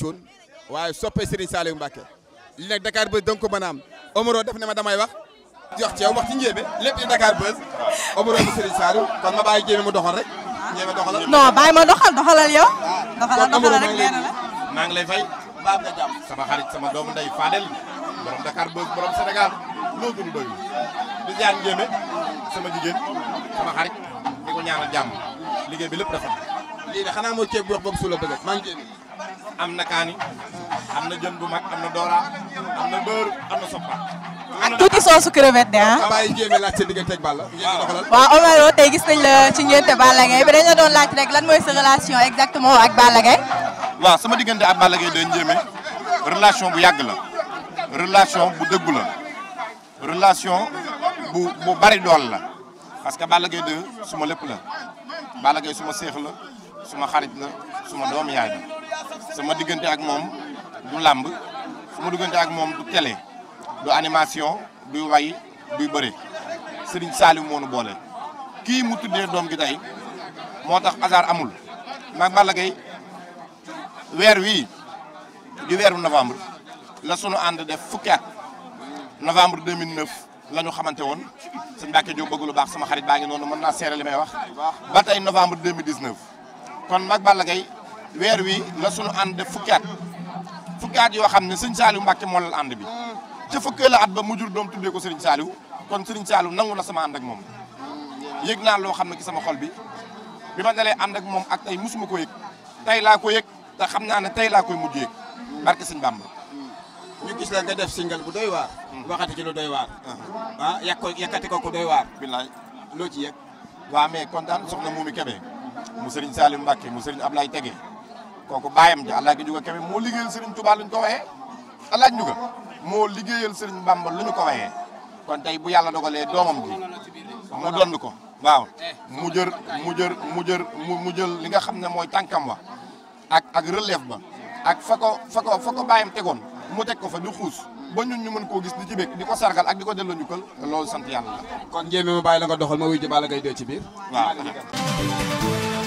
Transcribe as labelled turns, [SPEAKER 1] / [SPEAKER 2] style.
[SPEAKER 1] cuun waaye soppe Serigne Saliou Mbacké li nag Dakar Buzz da ko mën a am Omaro def ne ma damay wax jox ci yow wax ci njéeme lépp di Dakar Buzz Omaro bu Serigne Saliou kon ma bàyyi jéeme mu doxal rek jéeme doxalal ma doxal doxalal yow ah, doxalal maa ngi lay fay baa nga jàmm sama xarit sama doomu ndey Fadel borom Dakar Buzz borom Sénégal loo gën doyu di jaan njéeme sama jigéen sama xarit di ko ñaanal liggéey bi lépp dafa lii de xanaa ceeb bi wax boobu su la bëgg am na kaani am na jën bu mag am na doora am na beurre am na soppa. ak tuuti soosu crevette de ah. waaw bàyyi jéeme laaj tey gis nañ la ci ngénte Balla Gaye bi dañ la doon laaj rek lan mooy sa relation exactement ak Balla waaw sama diggante ak Balla Gaye dañ relation bu yàgg la relation bu dëggu la relation bu bari dool la parce que Balla Gaye de suma lépp la Balla Gaye suma seex la suma xarit la suma doomu yaay sama diggante ak moom du làmb sama diggante ak moom du télé du animation du way du bëre Serigne Saliou moo nu boole. kii mu tuddee doom gi tey moo tax hasard amul maag Balla Gaye weer wii di weeru novembre la sunu ànd def fukki at novembre 2009 la ñu xamante woon sëñ Mbacke Diop bëgg lu baax sama xarit baa ngi noonu mën naa seere li may wax ba tey novembre 2019 kon maag Balla Gaye weer wi la sunu ànd def fukki at yoo xam ne sëñ Saliou Mbacke moo lal ànd bi ca fukkee la at ba mu jur doom tuddee ko Serigne Saliou kon Serigne Saliou nangu na sama ànd ak moom yëg naa loo xam ne ci sama xol bi bi ma dalee ànd ak moom ak tey musuma ko yëg tey laa ko yëg te xam naa ne tey laa koy mujj yëg barke Serigne Bamba ñu gis la nga def singal bu doy waar hmm. waxati ci lu doy waar hmm. ah yàq ko yàkkati ko ku doy waar loo ci yëg waa mais kontaan soxna Moumi Kébé mu Serigne Saliou Mbacke mu Serigne Ablaye Tege kooku baayam ja alaaji juga kebe moo liggéeyal Serigne Touba lu ñu ko waxee moo liggéeyal Serigne Bamba lu ñu ko waxee kon tey bu yàlla dogalee doomam ji mu dond ko waaw mu jër mu jër mu jër mu jël li nga xam ne mooy tànkam wa ak ak relève ba ak fa ko fa ko fa baayam tegoon mu teg ko fa di xuus ba ñun ñu mën koo gis di ci bëgg di ko sargal ak di ko delloo njukkal loolu sant yàlla kon jéem a bàyyi la nga doxal ma wuyu ji Balla Gaye 2 ci biir. waaw.